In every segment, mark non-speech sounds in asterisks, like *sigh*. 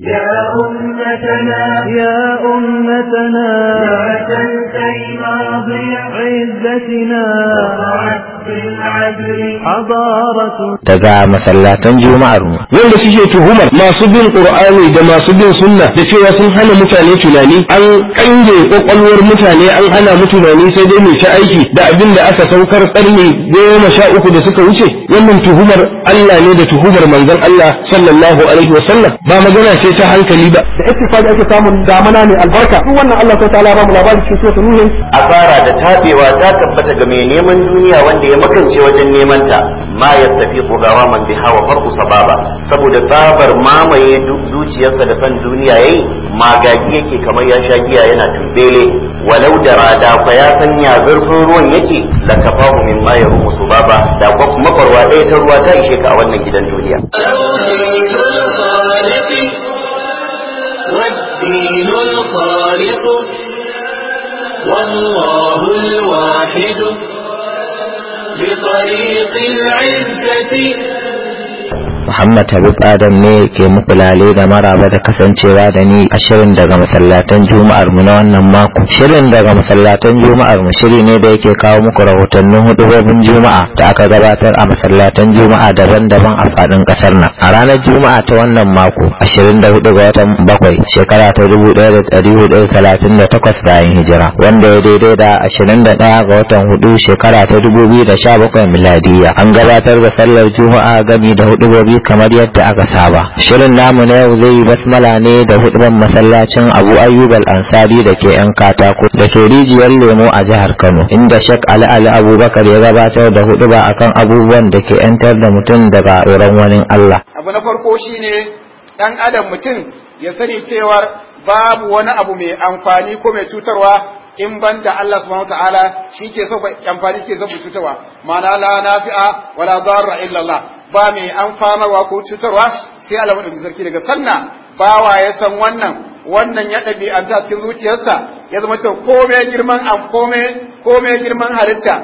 يا أمتنا يا أمتنا يا أمتنا ماضية عزتنا daga masallatan juma'ar mu wanda suke tuhumar masu bin qur'ani da masu bin sunna da cewa sun hana mutane tunani an kange kwakwalwar mutane an hana mu tunani sai dai mai ta aiki da abin da aka saukar karni goma sha uku da suka wuce wannan tuhumar Allah ne da tuhumar manzon Allah sallallahu alaihi wa sallam ba magana ce ta hankali ba da ittifaqi ake samun damana ne albarka duk wannan Allah ta'ala ba mu labarin cikin sura nuhin asara da tabewa ta tabbata ga mai neman duniya wanda ya makance wajen neman ta ma ya tafi man bi hawa farku sababa saboda sabar mamaye zuciyarsa da san duniya yayi magagi yake kamar ya sha giya yana tumbele walau da rada fa ya san ya zurfin ruwan yake kafahu min ma ya rumu sababa da kwa makwarwa ɗaya ta ruwa ta ishe ka a wannan gidan duniya والدين الخالص والله الواحد بطريق العزة Muhammad Habib Adam ne ke muku lale da maraba da kasancewa da ni a shirin daga masallatan Juma'ar mu na wannan mako. Shirin daga masallatan Juma'ar mu shiri ne da yake kawo muku rahotannin hudubobin Juma'a da aka gabatar a masallatan Juma'a daban-daban a faɗin ƙasar nan. A ranar Juma'a ta wannan mako 24 ga watan bakwai shekara ta 1438 bayan hijira wanda ya daidai da 21 ga watan hudu shekara ta 2017 miladiya an gabatar da sallar Juma'a gami da hudubobi yi kamar yadda aka saba shirin namu na yau zai yi basmala ne da huɗuban masallacin abu ayyub al-ansari da ke yan katako da ke rijiyar lemo a jihar kano inda shek ali ali abubakar ya gabatar da huduba akan abubuwan da ke yantar da mutum daga tsoron wani allah abu na farko shine ɗan adam mutum ya sani cewar babu wani abu mai amfani ko mai cutarwa in ban da Allah subhanahu ta'ala shi ke so amfani ke so cutarwa ma'ana la nafi'a wala darra illa Allah ba mai amfanarwa ko cutarwa sai Allah madaukakin sarki daga sanna bawa ya san wannan wannan ya ta cikin zuciyarsa ya zama cewa komai girman am komai komai girman halitta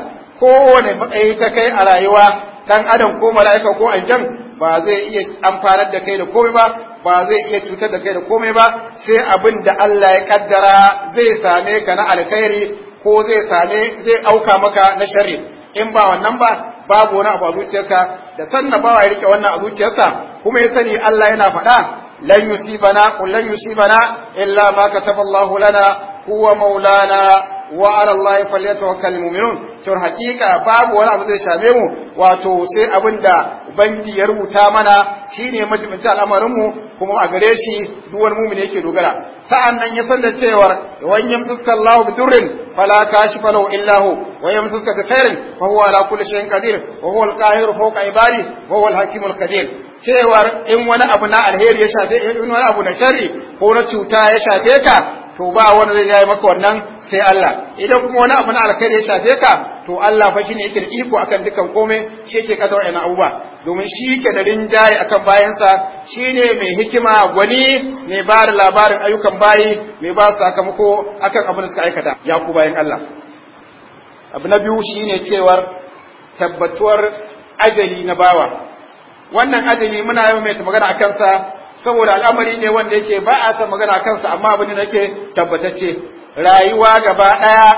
kowane matsayi ta kai a rayuwa dan adam ko mala'ika ko aljan ba zai iya amfanar da kai da komai ba ba zai iya cutar da kai da komai ba sai abin da Allah ya kaddara zai same ka na alkhairi ko zai same zai auka maka na sharri in ba wannan ba babu wani abu a zuciyarka da sanna bawa ya rike wannan a zuciyarsa kuma ya sani Allah yana faɗa lan yusibana qul lan yusibana illa ma kataballahu lana huwa maulana wa ala Allah falyatawakkalul mu'minun to hakika babu wani abu zai same mu wato sai abinda ubangiji ya rubuta mana shine majibinta al'amarin mu kuma a gare shi duk wani mu'min yake dogara sa'an nan ya san da cewa wa in lahu Allahu bidurrin fala kashifa lahu illa ويمسسك بخير فهو على كل شيء قدير وهو القاهر فوق عباده وهو الحكيم القدير cewar in wani abu na alheri ya shafe in wani abu na sharri ko na cuta ya shafe ka to ba wani zai yayi maka wannan sai Allah idan kuma wani abu na alkhairi ya shafe ka to Allah fa shine yake da iko akan dukan komai shi yake kada wa'ina uba. domin shi yake da rinjaye akan bayansa shine mai hikima gwani mai ba da labarin ayyukan bayi mai ba sakamako akan abin da suka aikata ya ku bayan Allah abu na biyu shi ne cewar tabbatuwar ajali na bawa wannan ajali muna yau mai magana a kansa saboda al'amari ne wanda yake ba a san magana a kansa amma abin da nake tabbatacce rayuwa gaba ɗaya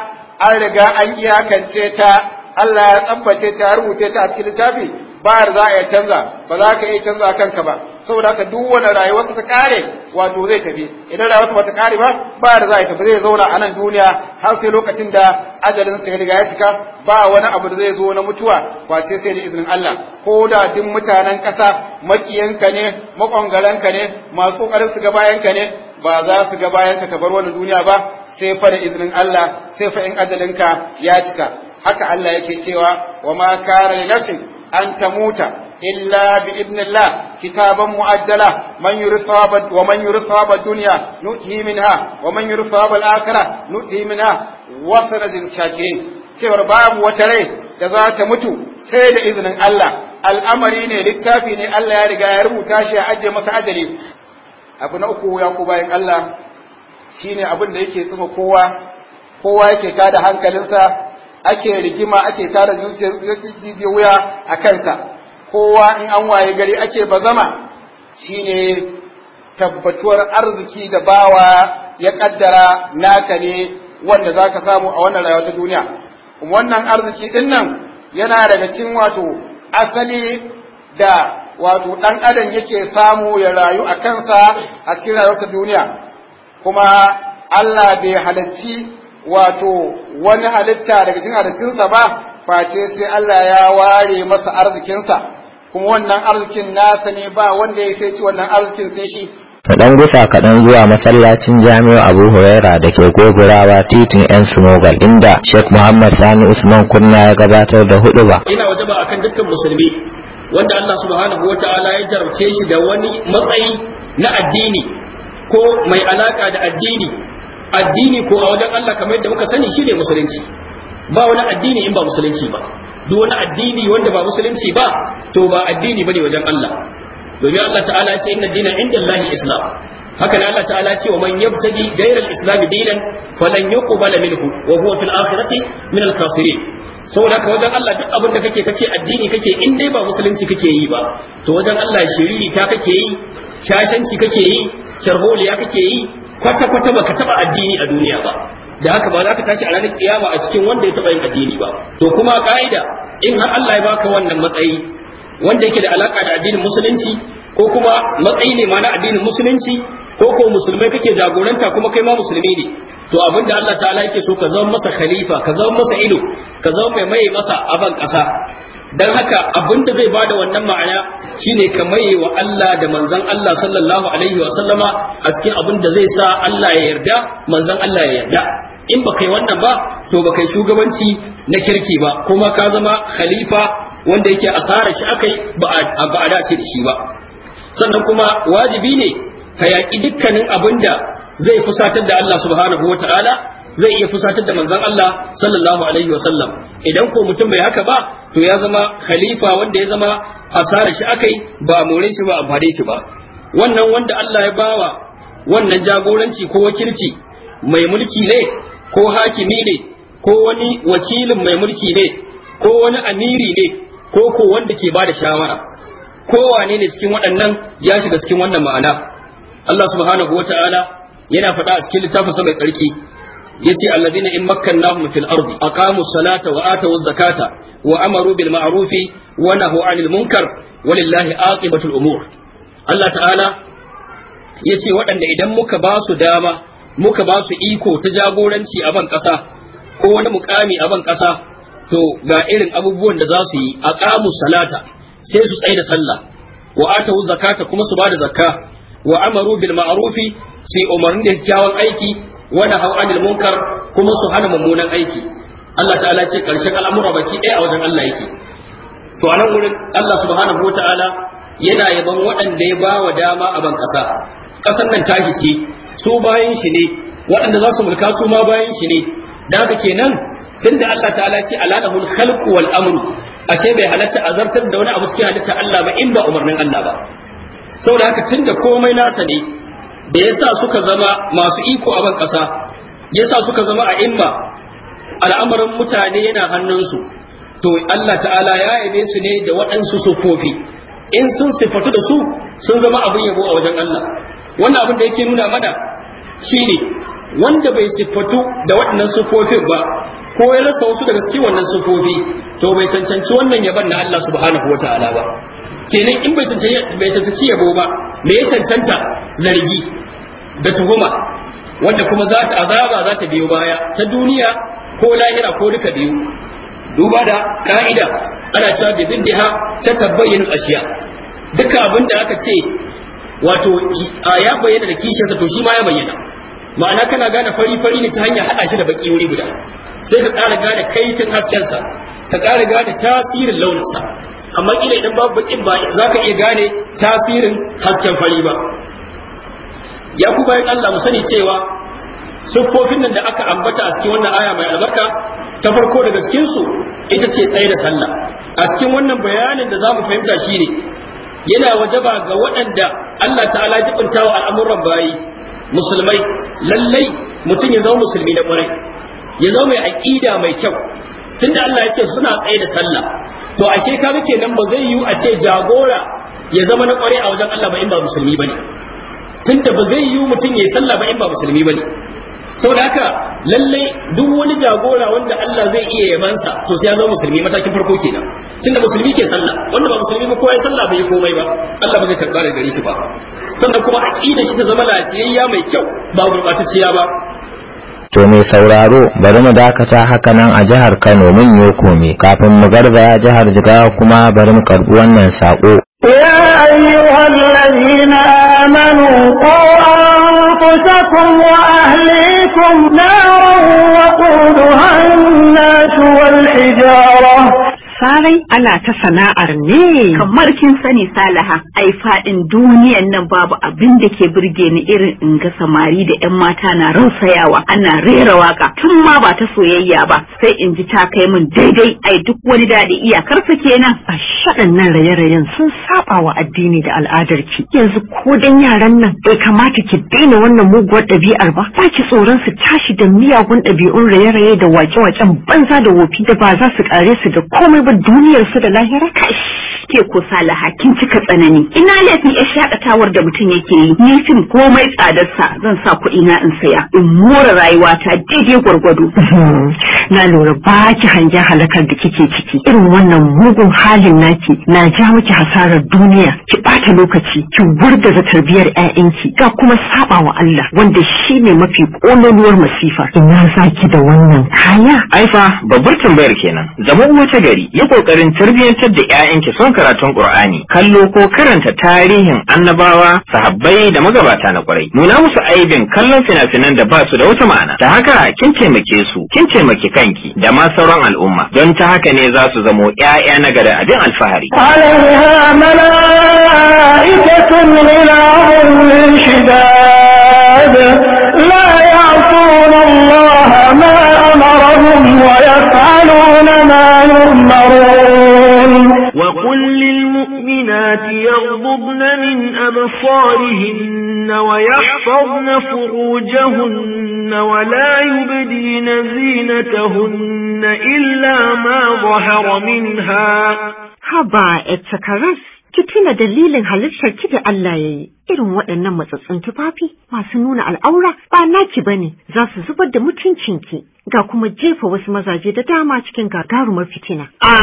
an riga an iyakance ta Allah ya tsambace ta rubuce ta a cikin littafi bayar za a canza ba za ka iya canza kanka ba saboda haka duk wani rayuwarsa ta kare wato zai tafi idan rayuwarsa ba ta kare ba bayar za a tafi zai zauna a nan duniya har sai lokacin da ajalin sa riga ya cika ba wani abu da zai zo na mutuwa face sai da izinin Allah ko da duk mutanen ƙasa makiyanka ne makongaranka ne masu kokarin su ga bayanka ne ba za su ga bayanka ka bar wani duniya ba sai fa da izinin Allah sai fa in ajalinka ya cika haka Allah yake cewa wa ma kare nafsin أن تموت إلا بإذن الله كتابا مؤجلا من يرثاب ومن يرثاب الدنيا نؤتيه منها ومن يرثاب الآخرة نؤتيه منها وسند الشاكرين cewar babu wata rai da za ta mutu sai da izinin Allah al'amari ne littafi ne Allah ya riga ya rubuta shi ya ajiye masa ajali abu na uku ya ku bayan Allah shine abin da yake tsuma kowa kowa yake da hankalinsa ake rigima ake tara zuciya wuya a kansa kowa in an waye gari ake bazama shine tabbatuwar arziki da bawa ya kaddara naka ne wanda zaka samu a wannan rayuwa ta duniya wannan arziki din nan yana daga cin wato asali da wato dan adam yake samu ya rayu a kansa a cikin rayuwarsa duniya kuma Allah bai halarci wato wani halitta daga cikin halittunsa ba face sai Allah ya ware masa arzikinsa kuma wannan arzikin nasa ne ba wanda ya sai ci wannan arzikin sai shi da ɗan gusa kaɗan zuwa masallacin Jami'u abu huraira da ke gogurawa titin yan smogal inda sheikh muhammad sani usman kunna ya gabatar da hudu ba ina waje ba akan dukkan musulmi wanda allah subhanahu wata'ala ya jarabce shi da wani matsayi na addini ko mai alaka da addini addini ko a wajen Allah kamar yadda muka sani shine musulunci ba wani addini in ba musulunci ba duk wani addini wanda ba musulunci ba to ba addini bane wajen Allah domin Allah ta'ala ya ce inna dina indallahi islam haka ne Allah ta'ala ya ce wa man yabtadi ghayra al-islam dinan falan yuqbala minhu wa huwa fil akhirati min al-khasirin saboda ka wajen Allah duk abin da kake kace addini kake in dai ba musulunci kake yi ba to wajen Allah shiriri ta kake yi shashanci kake yi sharholiya kake yi kwata kwata baka taba addini a duniya ba da haka ba za ka tashi a ranar kiyama a cikin wanda ya taba yin addini ba to kuma ka'ida in har Allah ya baka wannan matsayi wanda yake da alaka da addinin musulunci ko kuma matsayi ne ma na addinin musulunci ko ko musulmai kake jagoranta kuma kai ma musulmi ne to abin da Allah ta'ala yake so ka zama masa khalifa ka zama masa ido ka zama mai mai masa aban kasa dan haka abin da zai bada wannan ma'ana shine ka maye wa Allah da manzon Allah sallallahu alaihi wa sallama a cikin abin da zai sa Allah ya yarda manzon Allah ya yarda in ba kai wannan ba to ba kai shugabanci na kirki ba kuma ka zama khalifa wanda yake asara shi akai ba a dace da shi ba sannan kuma wajibi ne ka yaƙi dukkanin da zai fusatar da Allah subhanahu wa ta'ala zai iya fusatar da manzon Allah sallallahu alaihi wa idan ko mutum bai haka ba to ya zama khalifa wanda ya zama asara shi akai ba amore shi ba amfane shi ba wannan wanda Allah ya bawa wannan jagoranci ko wakilci mai mulki ne ko hakimi ne ko wani wakilin mai mulki ne ko wani amiri ne ko ko wanda ke bada shawara kowane ne cikin waɗannan ya shiga cikin wannan ma'ana Allah subhanahu wata'ala yana faɗa a cikin littafinsa mai tsarki yace alladhina in makkannahum fil ardi aqamu salata wa atu zakata wa amaru bil ma'rufi wa nahu 'anil munkar walillahi aqibatul umur Allah ta'ala yace waɗanda idan muka ba su dama muka ba su iko ta jagoranci a ban ƙasa ko wani mukami a ban ƙasa to ga irin abubuwan da za su yi aqamu salata sai su tsaye sallah wa zakata kuma su ba da zakka wa amaru bil ma'rufi sai umarni da kyakkyawan aiki Wani hau anil munkar kuma su hana mummunan aiki Allah ta'ala ce karshen al'amura baki ɗaya a wajen Allah yake to a nan wurin Allah subhanahu wata'ala yana yaban waɗanda ya bawa dama a ban ƙasa ƙasar nan ta ce su bayan shi ne waɗanda za su mulka su ma bayan shi ne da haka kenan tunda Allah ta'ala ce alalahul khalqu wal amru ashe bai halatta azartar da wani abu cikin halitta Allah ba in ba umarnin Allah ba saboda haka tunda komai nasa ne da yasa suka zama masu iko a ban ƙasa yasa suka zama a imma al'amarin mutane yana hannunsu to Allah ta'ala ya yabe su ne da waɗansu sufofi in sun sifatu da su sun zama abin yabo a wajen Allah wannan abin da yake nuna mana shine wanda bai sifatu da waɗannan sufofin ba ko ya rasa wasu daga cikin wannan sufofi to bai cancanci wannan yaban na Allah subhanahu ta'ala ba kenan in bai cancanci bai cancanci yabo ba me ya cancanta zargi da tuhuma wanda kuma za ta azaba za ta biyo baya ta duniya ko lahira ko duka biyu duba da ka'ida ana cewa bi diddiha ta tabbayin ashiya duka abin da aka ce wato ya bayyana da sa to shi ma ya bayyana ma'ana kana gane fari fari ne ta hanyar haɗa shi da baki wuri guda sai ka ƙara gane kaifin haskensa ka ƙara gane tasirin launinsa amma ila idan babu bakin ba za ka iya gane tasirin hasken fari ba ya ku bayan Allah mu sani cewa siffofin nan da aka ambata a cikin wannan aya mai albarka ta farko daga cikin su ita ce tsaye da sallah a cikin wannan bayanin da zamu fahimta shine yana wajaba ga waɗanda Allah ta'ala ya jibinta wa al'amuran bayi musulmai lallai mutum ya zama musulmi na kwarai ya zama mai aƙida mai kyau tunda Allah ya ce suna tsaye da sallah to ashe ka kaga kenan ba zai yiwu a ce jagora ya zama na kwarai a wajen Allah ba in ba musulmi bane tunda ba zai yiwu mutum ya yi sallah ba in ba musulmi bane saboda haka lallai duk wani jagora wanda Allah zai iya yabansa to sai ya zama musulmi matakin farko kenan tunda musulmi ke sallah wanda ba musulmi ba ko ya sallah bai komai ba Allah ba zai karba da gare shi ba sannan kuma aqida shi ta zama lafiyayya mai kyau ba gurbatacciya ba to mai sauraro bari mu dakata haka nan a jihar Kano mun yi kome kafin mu garba jihar Jigawa kuma bari mu karɓi wannan sako يا أيها الذين آمنوا قوا أنفسكم وأهليكم نارا labarai ana ta sana'ar ne kamar kin sani salaha ai faɗin duniyan nan babu abin da ke burge ni irin in ga samari da yan mata na rausayawa ana rera waka tun ma ba ta soyayya ba sai in ji ta kai min daidai ai duk wani daɗi iyakar sa kenan a shaɗannan raye-rayen sun saba wa addini da al'adar ki yanzu ko dan yaran nan bai kamata ki daina wannan muguwar ɗabi'ar ba ba ki tsoron su tashi da miyagun ɗabi'un raye-raye da wake-waken banza da wofi da ba za su kare su da komai ba duniyar su da lahira kai ke ko salaha kin cika tsanani ina laifin ya shakatawar da mutum yake yi ni fim komai tsadar sa zan sa kuɗi na in saya in more rayuwata daidai gwargwado *laughs* na lura ba ki hangen halakar da kike ciki irin wannan mugun halin naki na ja miki hasarar duniya ki bata lokaci ki gurgaza tarbiyar ƴaƴanki ga kuma saba wa Allah wanda shine mafi kololuwar masifa ina zaki da wannan kaya aifa babbar tambayar kenan zama uwa ta gari ya kokarin tarbiyantar da ƴaƴanki son karatun Qur'ani, kallo ko karanta tarihin annabawa, sahabbai da magabata na kwarai. Nuna musu aibin kallon fina-finan da ba su da wata ma'ana. Ta haka kin taimake su, kin taimake kanki da ma sauran al'umma. Don ta haka ne za su zamo ƴaƴa na gada abin alfahari. لا يعصون الله ما أبصارهن ويحفظن فروجهن ولا يبدين زينتهن إلا ما ظهر منها haba ita karas ki tuna dalilin halittar ki da Allah yayi irin waɗannan matsatsin tufafi masu nuna al'aura ba naki bane za su zubar da mutuncin ki, ga kuma jefa wasu mazaje da dama cikin gagarumar fitina a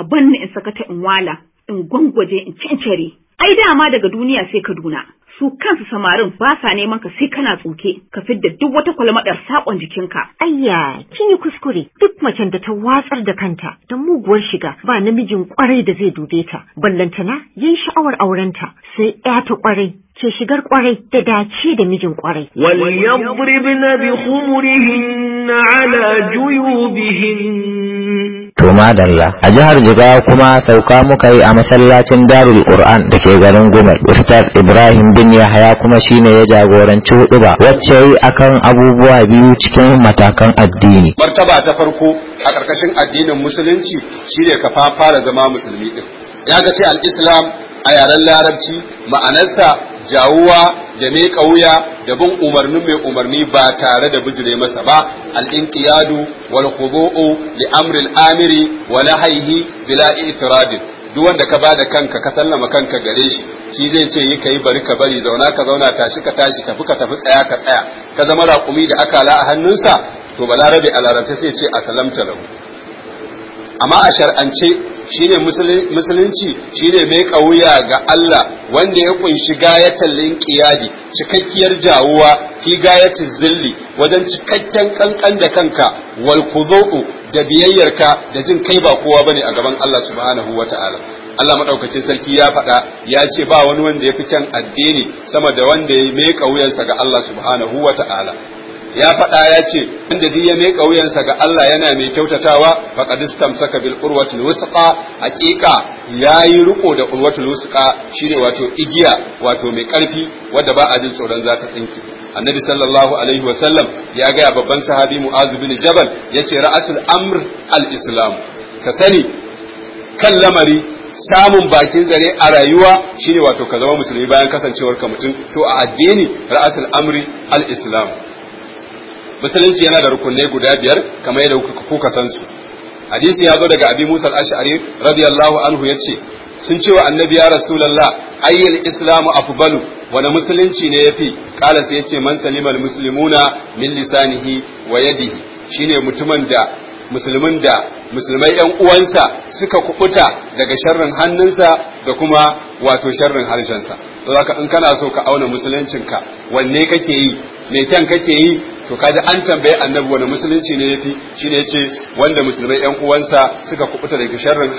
abin ne in sakata in wala in gwangwaje in cancare ai dama daga duniya sai Kaduna su kansu samarin ba sa neman ka sai kana tsoke ka fidda duk wata kwalmadar sakon jikinka ayya kin yi kuskure duk macen da ta watsar da kanta da muguwar shiga ba namijin kwarai da zai dube ta ballantana yin sha'awar aurenta sai ya ta kwarai ce shigar kwarai da dace da mijin kwarai. Waliyadribna bi khumurihinna ala juyubihin. To madalla, a jihar jiga kuma sauka muka yi a masallacin Darul Qur'an da ke garin Gumel. Ustaz Ibrahim bin Yahaya kuma shine ya jagoranci huɗuba wacce yi a kan abubuwa biyu cikin matakan addini. Martaba ta farko a ƙarƙashin addinin musulunci shine ka fara zama musulmi din. Ya ga ce al-Islam a yaren larabci ma'anarsa jawuwa da ne kauya da bin umarni mai umarni ba tare da bijire masa ba al-inqiyadu wal khudu'u li amri al-amiri wa bila i'tirad duk wanda ka bada kanka ka sallama kanka gare shi shi zai ce yi kai bari ka bari zauna ka zauna tashi ka tashi tafi ka tafi tsaya ka tsaya ka zama raƙumi da akala a hannunsa to balarabe a larabce sai ce a salamta lahu amma a shar'ance Shi ne musulunci shi ne mai kawuya ga Allah wanda ya kunshi gayatar linƙiyadi cikakkiyar jawuwa fi gayatar zilli wajen cikakken kankan da kanka wal kuzo'u, da biyayyarka da jin kai ba kowa ba ne a gaban Allah subhanahu ta'ala. Allah maɗaukacin sarki ya faɗa ya ce ba wani wanda ya fi can addini sama da wanda ya mai wuyansa ga Allah subhanahu wa ta'ala ya faɗa ya ce inda duk ya mai ƙauyensa ga Allah yana mai kyautatawa faqad istamsaka bil urwatil wusqa haqiqa yayi riko da urwatul wusqa shine wato igiya wato mai ƙarfi, wanda ba a jin tsoron za ta tsinki annabi sallallahu alaihi wa sallam ya gaya babban sahabi mu'az bin jabal yace ra'asul amr al islam ka sani kan lamari samun bakin zare a rayuwa shine wato ka zama musulmi bayan kasancewar ka mutum to a addini ra'asul amri al-islam musulunci yana da rukunai guda biyar kamar yadda kuka san su hadisi ya zo daga abi musa al-ash'ari radiyallahu anhu yace sun ce wa annabi ya rasulullah ayyul islam afbalu wani musulunci ne yafi kala sai yace man salimal muslimuna min lisanihi wa yadihi shine mutumin da musulmin da musulmai yan uwansa suka kubuta daga sharrin hannunsa da kuma wato sharrin harshensa to zaka in kana so ka auna musuluncinka wanne kake yi me kyan kake yi to kaji an tambaye annabi wani musulunci ne yafi shine yace wanda musulmai yan uwansa suka kuɓuta daga sharrin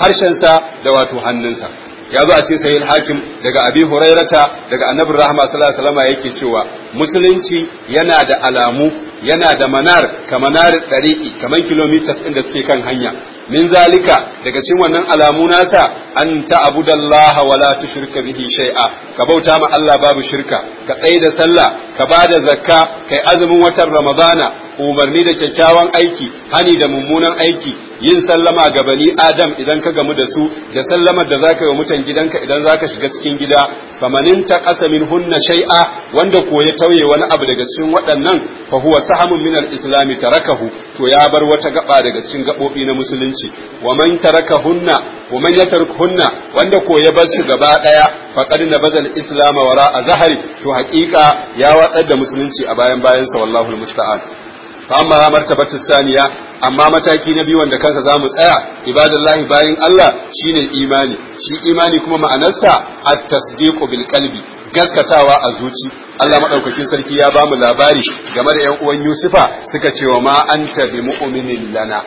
harshen sa da wato hannunsa ya zo a cikin sahih hakim daga abi hurairata daga annabi rahma sallallahu alaihi wasallam yake cewa musulunci yana da alamu yana da manar ka manar dariqi kaman kilometers da suke kan hanya min zalika daga cikin wannan alamu nasa an ta'budallaha wala ta tushrika bihi shay'a ka bauta ma Allah babu shirka ka tsaye da sallah ka bada zakka kai azumin watan ramadana umarni da kyakkyawan aiki hani da mummunan aiki yin sallama ga bani adam idan ka gamu da su da sallamar da zaka yi mutan gidanka idan zaka shiga cikin gida famanin ta min hunna shay'a wanda ko ya tauye wani abu daga cikin waɗannan fa huwa sahamun min al-islam tarakahu to ya bar wata gaba daga cikin gabobi na musulunci wa man tarakahunna wa man yatarkuhunna wanda ko ya bar su gaba daya qad nabaza al-islam wara a zahari to haƙiƙa ya watsar da musulunci a bayan bayansa wallahu musta'an amma martabatu saniya amma mataki na biyu wanda kansa zamu tsaya ibadallahi bayin Allah shine imani shi imani kuma ma'anarsa at-tasdiqu bil qalbi gaskatawa a zuci Allah madaukakin sarki ya bamu labari game da yan uwan Yusufa suka ce ma anta bi mu'minin lana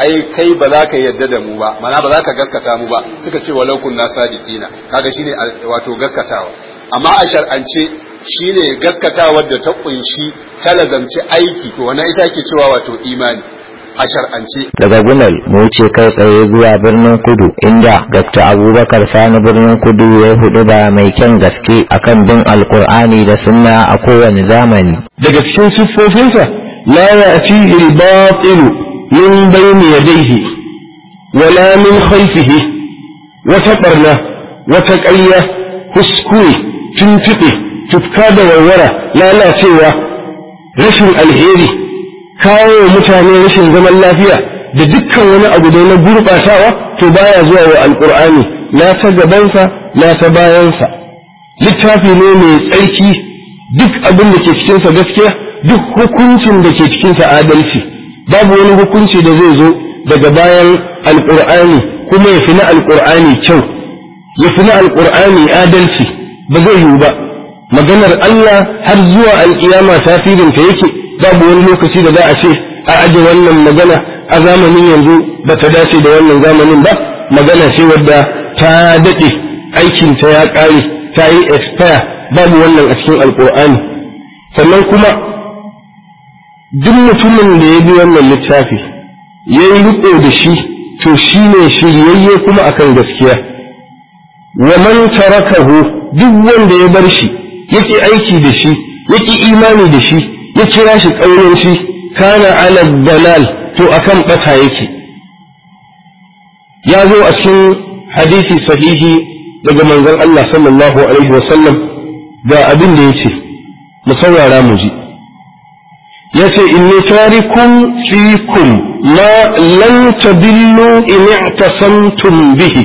ai kai ba za ka yarda da mu ba mana ba za ka gaskata mu ba suka ce walau kunna sadiqina kaga shine wato gaskatawa amma a shar'ance shine gaskatawar da ta kunshi talazanci aiki to wannan ita ke cewa wato imani a shar'ance. Daga gunal, mu wuce kai tsaye zuwa birnin Kudu inda Dr. Abubakar Sani birnin Kudu ya hudu ba mai kyan gaske a kan bin Alkur'ani da sunna a kowane zamani. Daga cikin siffofinsa la ya'tihi al bai min bayni yadayhi wala min khayfihi wata barna wata ƙayya tun tuntuɓe tufka da warwara lalacewa rashin alheri kawo mutane rashin zaman lafiya da dukkan wani abu da na gurɓatawa to baya zuwa wa alƙur'ani na ta gabansa na ta bayansa littafi ne mai tsarki duk abin da ke cikinsa gaskiya duk hukuncin da ke cikinsa adalci babu wani hukunci da zai zo daga bayan alƙur'ani kuma ya fi na alƙur'ani kyau ya fi na alƙur'ani adalci ba zai yiwu ba maganar Allah har zuwa alkiyama tasirin ta yake babu wani lokaci da za a ce a aje wannan magana a zamanin yanzu ba ta dace da wannan zamanin ba magana ce wadda ta daɗe aikin ta ya ƙare ta yi expire babu wannan a cikin alkur'ani sannan kuma duk mutumin da ya bi wannan littafi ya yi riƙo da shi to shi ne shiryayye kuma akan gaskiya wa man tarakahu duk wanda ya bar shi yake aiki da shi yake imani da shi ya kira shi shi kana ala dalal to akan bata yake ya zo a cikin hadisi sahihi daga manzon Allah sallallahu alaihi wa sallam ga abin da yace mu saurara mu ji yace inni tarikum fikum ma lan tadillu in i'tasamtum bihi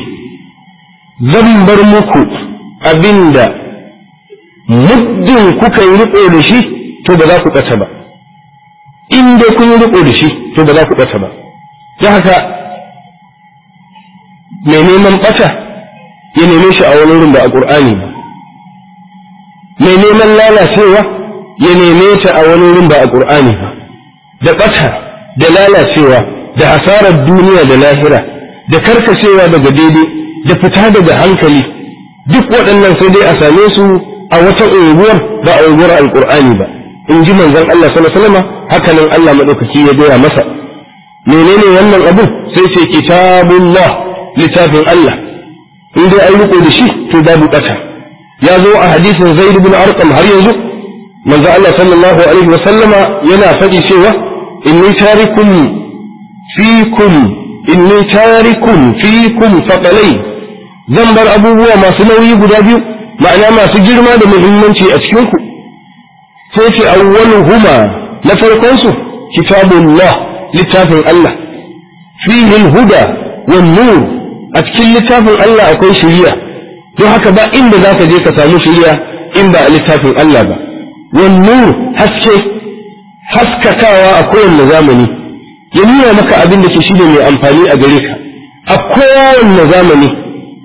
zan bar muku abinda muddin kuka yi riko da shi to ba za ku ƙasa ba in dai kun yi riko da shi to ba za ku ƙasa ba ta haka mai neman ɓata ya neme shi a wani wurin a ƙur'ani ba mai neman lalacewa ya neme shi a wani wurin ba a ƙur'ani ba da ɓata da lalacewa da asarar duniya da lahira da karkacewa daga daidai da fita daga hankali duk waɗannan sai dai a same su a wata unguwar ba a unguwar alkur'ani ba in ji manzon Allah sallallahu alaihi wasallam haka nan Allah madaukaki ya gaya masa menene wannan abu sai ce kitabullah littafin Allah in dai an riko da shi to babu ya zo a hadisin Zaid ibn Arqam har yanzu manzo Allah sallallahu alaihi wasallama yana faɗi cewa inni tarikum fikum inni tarikum fikum faqalai zan bar abubuwa masu nauyi guda biyu ma'ana masu girma da muhimmanci a cikin ku sai ce huma na farkon su kitabullah littafin Allah fihi huda wan nur a cikin littafin Allah akwai shari'a don haka ba inda zaka je ka samu shari'a in ba a littafin Allah ba wan nur haske haskakawa a kowanne zamani ya nuna maka abin da ke shi ne mai amfani a gare ka a kowanne zamani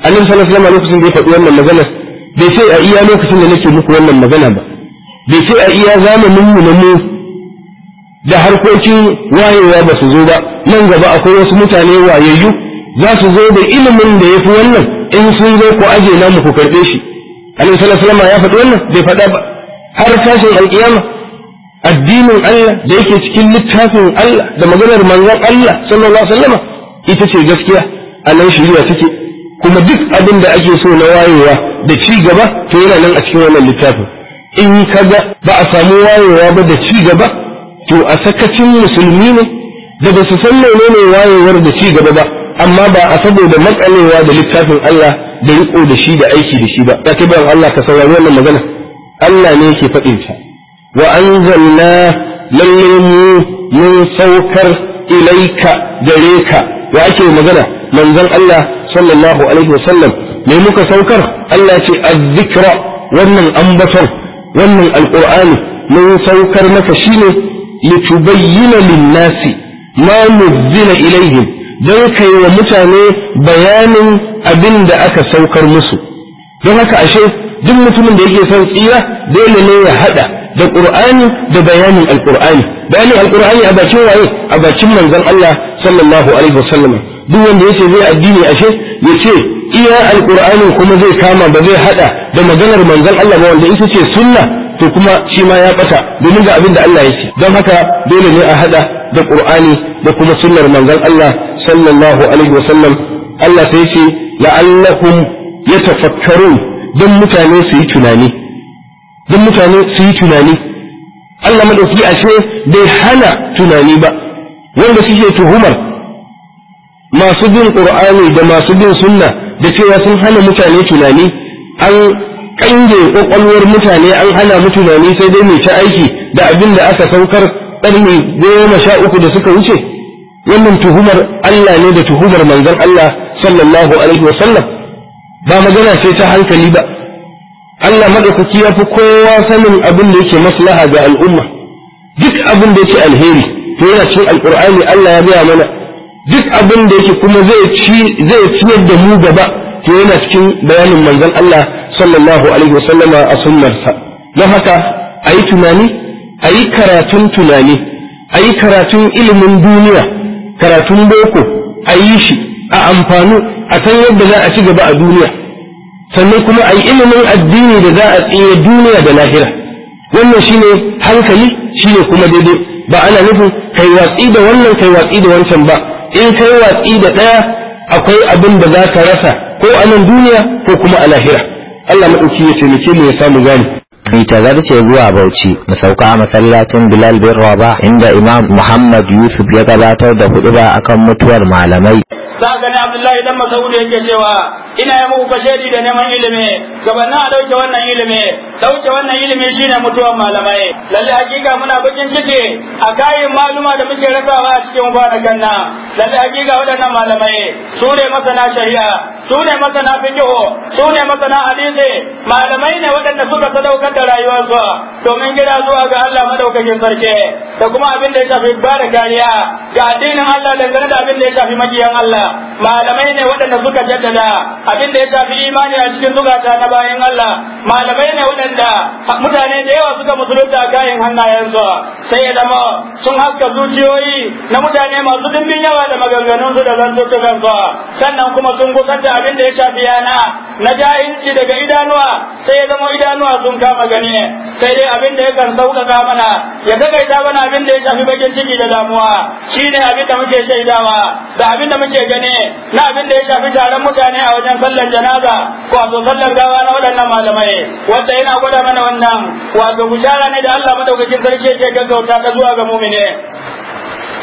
annabi sallallahu alaihi wasallam lokacin da ya faɗi wannan maganar bai ce a iya lokacin da nake muku wannan magana ba bai ce a iya zamanin mu mu da harkokin wayewa ba su zo ba nan gaba akwai wasu mutane wayayyu za su zo da ilimin da ya fi wannan in sun zo ku aje mu ku karɓe shi alaihi sallallahu alaihi ya faɗi wannan bai faɗa ba har tashin alƙiyama addinin Allah da yake cikin littafin Allah da maganar manzon Allah sallallahu alaihi wasallam ita ce gaskiya a nan shiriya take kuma duk abin da ake so na wayewa da ci gaba to yana nan a cikin wannan littafin in kaga ba a samu wayewa ba da ci gaba to a sakacin musulmi ne da ba su san menene wayewar da ci gaba ba amma ba a saboda matsalewa da littafin Allah da riko da shi da aiki da shi ba ya kai ban Allah ka saurari wannan magana Allah ne yake faɗin ta wa anzalna lalle mu mun saukar ilaika gare ka wa ake magana manzon Allah sallallahu alaihi wasallam mai muka saukar Allah ce azzikra wannan ambaton wannan alqur'ani mun saukar maka shine litubayyana lin-nasi ma nuzila ilaihim don kai wa mutane bayanin abin da aka saukar musu don haka ashe duk mutumin da yake son tsira dole ne ya hada da qur'ani da bayanin alqur'ani bayanin alqur'ani a bakin waye a bakin manzon Allah sallallahu alaihi wasallam duk wanda yake zai addini ashe yace iya alkur'ani kuma zai kama ba zai hada da maganar manzon Allah ba wanda ita ce sunna to kuma shi ma ya bata domin ga abin da Allah ya ce don haka dole ne a hada da qur'ani da kuma sunnar manzon Allah sallallahu alaihi wasallam Allah sai ce la'allahum yatafakkarun dan mutane su yi tunani dan mutane su yi tunani Allah madauki ashe bai hana tunani ba wanda suke tuhumar masu bin qur'ani da masu bin sunna da cewa sun hana mutane tunani an kange kwakwalwar mutane an hana mu tunani sai dai mai ta aiki da abin da aka saukar karni goma sha uku da suka wuce wannan tuhumar Allah ne da tuhumar manzon Allah sallallahu alaihi wa sallam ba magana ce ta hankali ba Allah madaukaki ya fi kowa sanin abin da yake maslaha ga al'umma duk abin da yake alheri to yana cikin alqur'ani Allah ya biya mana duk abin da yake kuma zai ciyar da mu gaba to yana cikin bayanin manzon Allah sallallahu alaihi wasallama a sunnarsa haka a yi tunani a yi karatun tunani a yi karatun ilimin duniya karatun boko a yi shi a amfanu a san yadda za a ci gaba a duniya sannan kuma a yi ilimin addini da za a tsaye duniya da lahira wannan shine hankali shine kuma daidai ba ana nufin kai watsi da wannan kai watsi da wancan ba in kai watsi da ɗaya akwai abin da za ka rasa ko a nan duniya ko kuma a lahira Allah maɗauki ya taimake mu ya samu gani mai tazar ce zuwa Bauchi mu sauka a masallacin Bilal bin Rabah inda Imam Muhammad Yusuf ya gabatar da huduba akan mutuwar malamai. Za ka gani Abdullahi dan Masaudu yake cewa ina yi muku kashedi da neman ilimi gabanin a ɗauke wannan ilimi dauke wannan ilimi shine mutuwar malamai lalle hakika muna bakin ciki a kayan maluma da muke rasawa a cikin mubarakan nan lalle hakika waɗannan malamai su ne masana shari'a su ne masana fiqh su ne masana hadisi malamai ne waɗanda suka sadaukar da rayuwar rayuwarsu domin gida zuwa ga Allah madaukakin sarki da kuma abin da ya shafi bada kariya ga addinin Allah dangane da abin da ya shafi makiyan Allah malamai ne waɗanda suka jaddada abin da ya shafi imani a cikin zugata na bayan Allah malamai ne waɗanda waɗanda mutane da yawa suka musulunta a kayan zuwa sai ya zama sun haska zuciyoyi na mutane masu dimbin yawa da maganganunsu da zan zantutukansu sannan kuma sun kusanta abin da ya shafi yana na jahilci daga idanuwa sai ya zama idanuwa sun kama gani ne sai dai abin da yakan sauƙaƙa mana ya takaita mana abin da ya shafi bakin ciki da damuwa shine abin da muke shaidawa da abin da muke gani na abin da ya shafi taron mutane a wajen sallar janaza wato sallar gawa na waɗannan malamai wanda yana gwada mana wannan wato bishara ne da Allah madaukakin sarki yake gaggauta ta zuwa ga mu'mine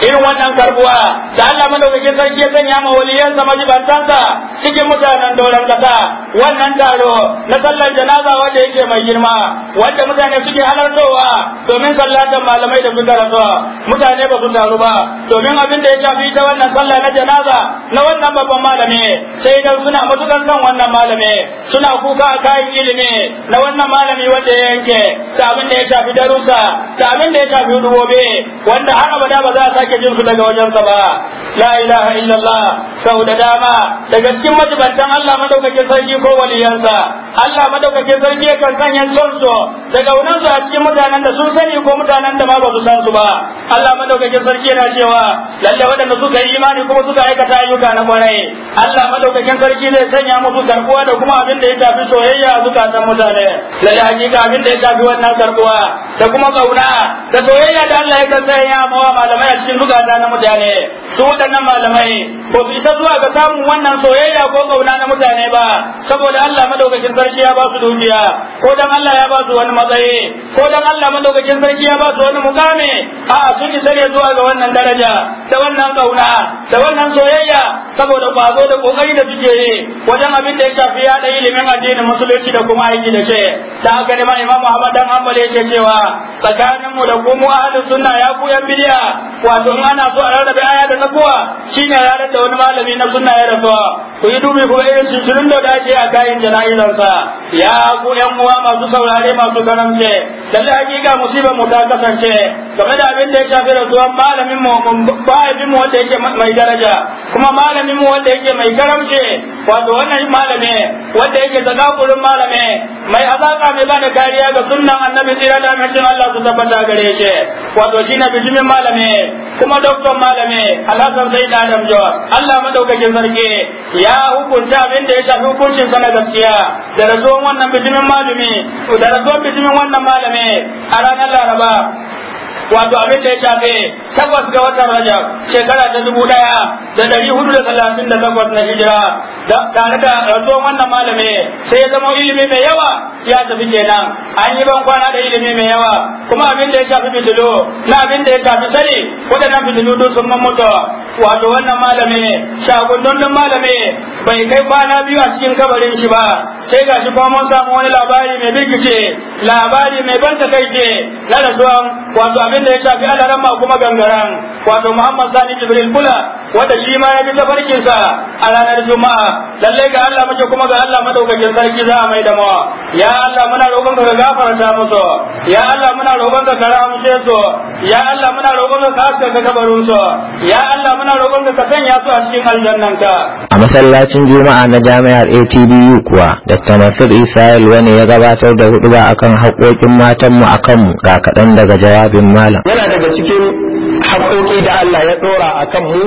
irin wannan karbuwa da Allah madaukakin sarki ya sanya ma waliyansa majibantansa cikin mutanen doron kasa wannan taro na sallar janaza wanda yake mai girma wanda mutane suke halartowa domin sallatan malamai da suka rasuwa mutane ba su taru ba domin abin da ya shafi ta wannan sallah na janaza na wannan babban malami sai dan suna matukar son wannan malami suna kuka a kayan ilimi na wannan malami wanda ya yanke ta abin da ya shafi darussa ta abin da ya shafi dubobe wanda har abada ba za a sake sake jin su daga wajensa ba la ilaha illallah sau da dama daga cikin majibantan Allah madaukakin sarki ko waliyansa Allah madaukakin sarki yakan sanya sonso daga wannan su a cikin mutanen da sun sani ko mutanen da ma ba su san su ba Allah madaukakin sarki yana cewa lalle waɗanda suka yi imani kuma suka aikata ayyuka na kwarai Allah madaukakin sarki zai sanya musu karbuwa da kuma abin da ya shafi soyayya a zukatan mutane lalle hakika abin da ya shafi wannan karbuwa da kuma kauna da soyayya da Allah yakan sanya mawa malamai a cikin zukata na mutane su waɗannan malamai ko su isa zuwa ga samun wannan soyayya ko kauna na mutane ba saboda Allah madaukakin sarki ya ba su dukiya ko dan Allah ya ba su wani matsayi ko dan Allah madaukakin sarki ya ba su wani mukami a su isa ne zuwa ga wannan daraja da wannan kauna da wannan soyayya saboda kwazo da kokari da suke yi wajen abin da ya shafi yaɗa ilimin addinin musulunci da kuma aiki da ke da haka ne ma Imam Muhammad dan Hanbali yake cewa tsakaninmu da kuma ahlus sunna ya ku yan wa wato in ana so a rarrabe aya da nabuwa shine ranar da wani malami na sunna ya rasuwa ku yi dubi kuma irin shirin da ake a kayan sa ya ku yan uwa masu saurare masu karamce lalle hakika musibar mu ta kasance game da abin da ya shafi rasuwan malamin mu bayan mu wanda yake mai daraja kuma malamin mu wanda yake mai karamce wato wannan malami wanda yake zakakurin malami mai azaka mai bada kariya ga sunnan annabi tsira da mashin Allah su tabbata gare shi wato shine bijimin malami kuma doktor malame alhassan zai da adam jawa Allah madaukakin sarki ya hukunta abin da ya shafi hukuncin sa na gaskiya da razuwan wannan bijimin malami da razuwan bijimin wannan a ranar laraba wato abin da ya shafe takwas ga watan rajab shekara ta dubu daya da dari hudu da talatin da takwas na hijira tare da rasuwan wannan malami sai ya zama ilimi mai yawa ya tafi kenan an yi ban kwana da ilimi mai yawa kuma abin da ya shafi fitilu na abin da ya shafi sani waɗannan fitilu dun sun mamutu wato wannan malami shagundun malami bai kai kwana biyu a cikin kabarin shi ba sai shi kuma mun samu wani labari mai birkice labari mai ban takaice na zuwa wato abin da ya shafi alaran ma kuma gangaran wato Muhammad Sani Jibril Kula wanda shi ma ya bi tafarkin sa a ranar juma'a lalle ga Allah muke kuma ga Allah madaukakin sarki za a mai da mawa ya Allah muna roƙon ka gafarta musu ya Allah muna roƙon ka karamushe su ya Allah muna roƙon ka kaska ka kabarin su ya Allah muna roƙon ka ka sanya su a cikin aljannan ka a masallacin juma'a na jami'ar ATBU kuwa Dr. Nasir Isa'il wani ya gabatar da hudu ba akan haƙoƙin matanmu akan mu ga kaɗan daga jawabin malam yana daga cikin haƙoƙi da Allah ya ɗora a kan mu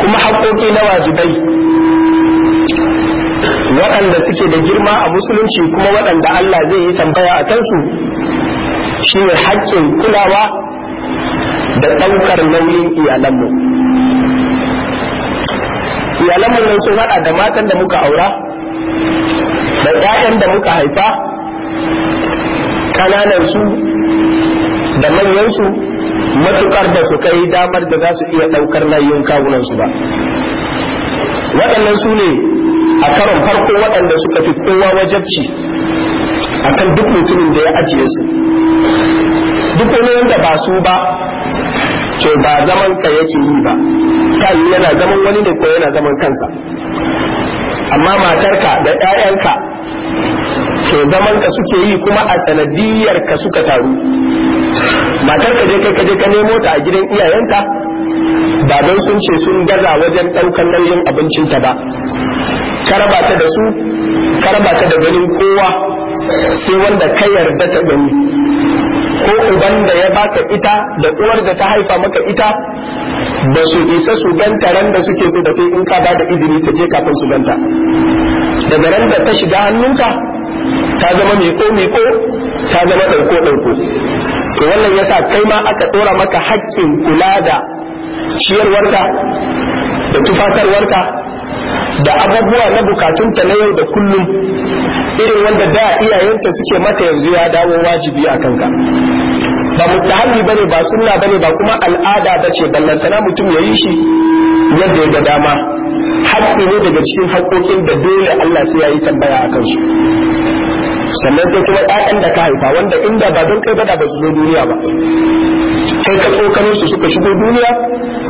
kuma haƙoƙi na wajibai waɗanda suke da girma a musulunci kuma waɗanda Allah zai yi tambaya a kansu shi ne haƙƙin kulawa da ɗaukar nauyin iyalanmu iyalanmu nan sun haɗa da matan da muka aura da 'ya'yan da muka haifa ƙananan su da manyansu matukar da su kai damar da za su iya ɗaukar layin kawunansu ba waɗannan su ne a karon farko waɗanda suka fi kowa wajabci a kan duk mutumin da ya ajiye su duk wani wanda ba su ba to ba zaman ka yake yi ba sai yana zaman wani ne ko yana zaman kansa amma matarka da 'ya'yanka to zaman ka suke yi kuma a sanadiyar ka suka taru matar ka je kai ka je ka nemo ta a gidan iyayenta. ba don sun ce sun gaza wajen ɗaukar nauyin abincinta ba ka ta da su ka ta da ganin kowa sai wanda ka yarda ta gani ko uban da ya baka ita da uwar da ta haifa maka ita ba su isa su ganta ran da suke so da sai in ka ba da izini ta je kafin su ganta daga ran da ta shiga hannunka ta zama miko miko ta zama ɗauko ɗauko to wannan yasa kai ma aka ɗora maka haƙƙin kula da ciyarwarka da tufatarwarka da abubuwa na bukatunta na yau da kullum irin wanda da iyayenta suke mata yanzu ya dawo wajibi a kanka ba mustahabi bane ba sunna bane ba kuma al'ada bace ballantana mutum ya yi shi yadda ya ga dama hakki ne daga cikin haƙoƙin da dole Allah sai ya yi tambaya a kansu sannan sai kuma ƴaƴan da ka haifa wanda inda ba don kai ba da ba su zo duniya ba kai ka tsokano su suka shigo duniya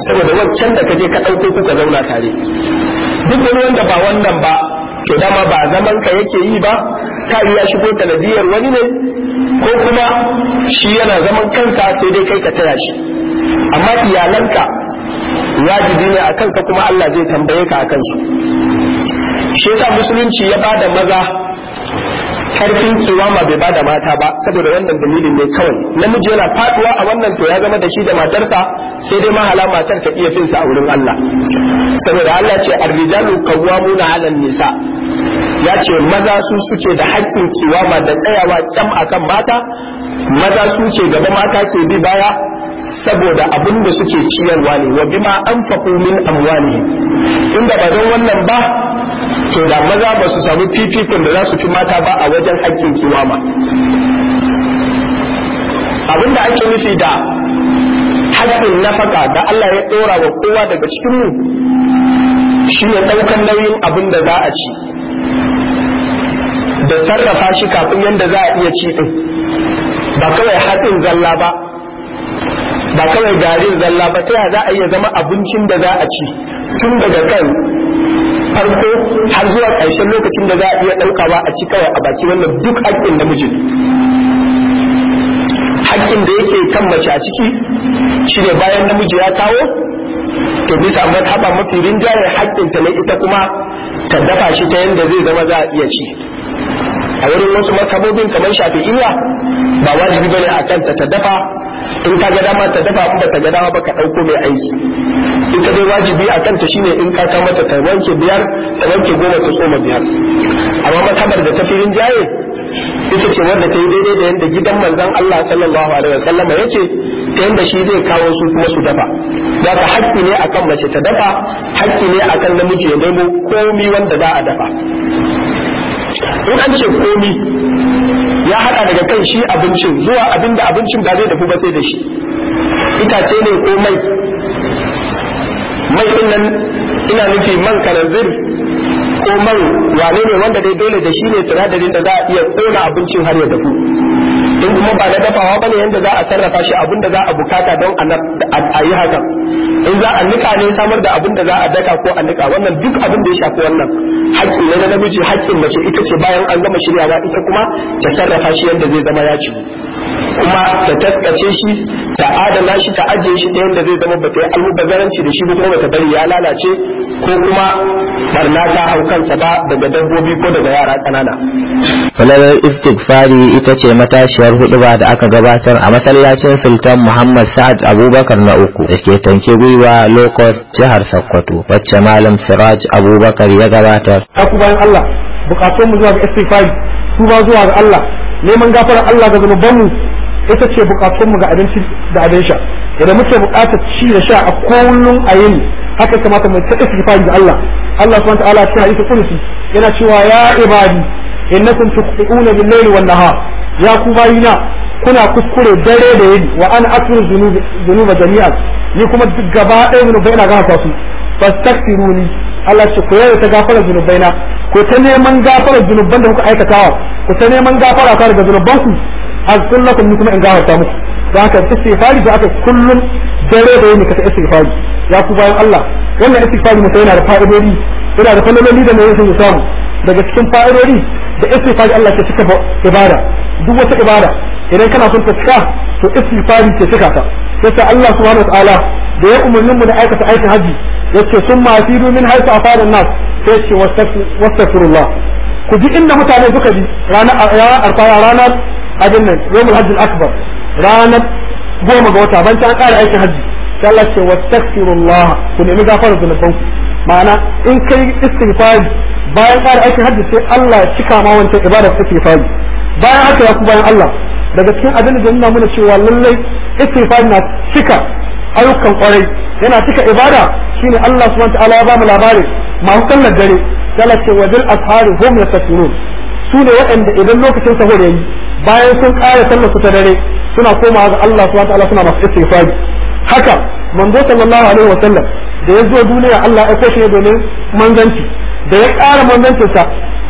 saboda wancan da ka je ka ɗauko kuka zauna tare duk wani wanda ba wannan ba to dama ba zaman ka yake yi ba ta ya shigo sanadiyar wani ne ko kuma shi yana zaman kansa sai dai kai ka taya shi amma iyalanka wajibi ne a kanka kuma Allah zai tambaye ka a kansu shi yasa musulunci ya bada maza karfin kiwama bai bada mata ba saboda wannan dalilin ne kawai namiji yana faduwa a wannan to ya zama da shi da matarsa sai dai mahala matar ta iya finsa a wurin Allah saboda Allah ce ar-rijalu qawwamuna 'ala nisa ya ce maza su suke da haƙƙin kiwama da tsayawa kyam akan mata maza su ce gaba mata ke bi baya saboda abin da suke ciyarwa ne wa bima anfaqu min amwali inda ba don wannan ba to da maza ba su samu fifikon da za su fi mata ba a wajen haƙƙin kiwama abin da ake nufi da haƙƙin nafaka da Allah ya ɗora wa kowa daga cikin mu shi ne ɗaukar nauyin abin da za a ci da sarrafa shi kafin yadda za a iya ci ɗin ba kawai hatsin zalla ba ba kawai garin zalla ba ta za a iya zama abincin da za a ci tun daga kan farko har zuwa ƙarshen lokacin da za a iya ba a ci kawai a baki wannan duk haƙƙin namiji. haƙƙin da yake kan mace a ciki shi ne bayan namiji ya kawo to bisa mazhaba mafi rinjaye ta ne ita kuma ta dafa shi ta yadda zai zama za a iya ci a wurin wasu masabobin kamar shafi'iyya ba wajibi bane a kanta ta dafa in ka ga dama ta dafa ba ta ga ba ka ɗauko mai aiki ita dai wajibi a kanta shine in ka mata ta wanke biyar ta wanke goma ta tsoma biyar amma masabar da ta fi rinjaye ita ce wanda ta yi daidai da yadda gidan manzon Allah sallallahu alaihi wasallam yake ta yadda shi zai kawo su kuma su dafa zaka hakki ne akan mace ta dafa hakki ne akan namiji ya nemo komi wanda za a dafa in an ce komi ya hada daga kan shi abincin zuwa abin abincin ba zai dafu ba sai da shi itace ne ko mai mai ina nufi man kananzir ko man wane ne wanda dai dole da shi ne sinadarin da za a iya kona abincin har ya dafu in kuma ba da dafawa ba ne yadda za a sarrafa shi abin da za a bukata don a yi hakan in za a nika ne samar da abin da za a daka ko a nika wannan duk abin da ya shafi wannan haƙƙi na na namiji haƙƙin mace ita ce bayan an gama shiryawa ita kuma ta sarrafa shi yadda zai zama ya ci kuma ta taskace shi ta adana shi ta ajiye shi ta yadda zai zama ba ta yi almubazzaranci da shi ba kuma ta bari ya lalace ko kuma barna ta hau kansa ba daga dabbobi ko daga yara kanana. Falalar istighfari ita ce matashiyar huduba da aka gabatar a masallacin Sultan Muhammad Sa'ad Abubakar na uku da ke tanke gwiwa Lokos jihar Sokoto wacce Malam Siraj Abubakar ya gabatar. Aku bayan Allah mu zuwa ga istighfari ba zuwa ga Allah neman gafarar Allah ga mu ita ce bukatunmu ga abinci da abin sha idan muke bukatar ci da sha a kullum a yin haka kamata mu ta istighfari ga Allah Allah subhanahu wataala cikin hadisi kulisi yana cewa ya ibadi innakum tuqti'una bil-layli wan-nahar ya ku bayina kuna kuskure dare da yini wa ana asru dhunuba ni kuma duk gaba ɗaya zunubai ina gafarta su fastaghfiruni Allah ce ku ta gafarar zunubaina ko ta neman gafarar zunuban da kuka aikatawa ku ta neman gafara ta daga zunuban ku azkun lakum ni kuma in gafarta muku da haka istighfari da aka kullum dare da yini kasa istighfari ya ku bayan Allah wannan istighfari mutum yana da fa'idodi yana da fannoni da mai ya samu daga cikin fa'idodi da istighfari Allah ke cika ibada duk wata ibada idan kana son ta cika to istighfari ke cika ta sai ta Allah subhanahu wata'ala da ya umarnin mu da aikata aikin haji yace sun ma fi min haifa afadan nas sai ce wastaghfirullah ku ji inda mutane suka ji ranar arfaya ranar abin nan yawmul hajji akbar ranar goma ga wata ban ta ƙara aikin hajji sai Allah ce wastaghfirullah ku nemi gafara zunuban ku ma'ana in kai istighfari bayan kara aikin hajji sai Allah ya cika ma wancan ibadar istighfari bayan haka ya ku bayan Allah daga cikin abin da nuna mana cewa lallai istighfari na cika ayyukan kwarai yana cika ibada shine Allah subhanahu wa ta'ala ya ba mu labari masu sallar dare talace wajen bil ashari hum yasafirun su ne waɗanda idan lokacin sahur yayi bayan sun ƙara sallar su ta dare suna koma ga Allah wa ta'ala suna masu istighfari haka manzo sallallahu alaihi wa da ya zo duniya Allah ya kashe domin manzanci da ya ƙara manzancinsa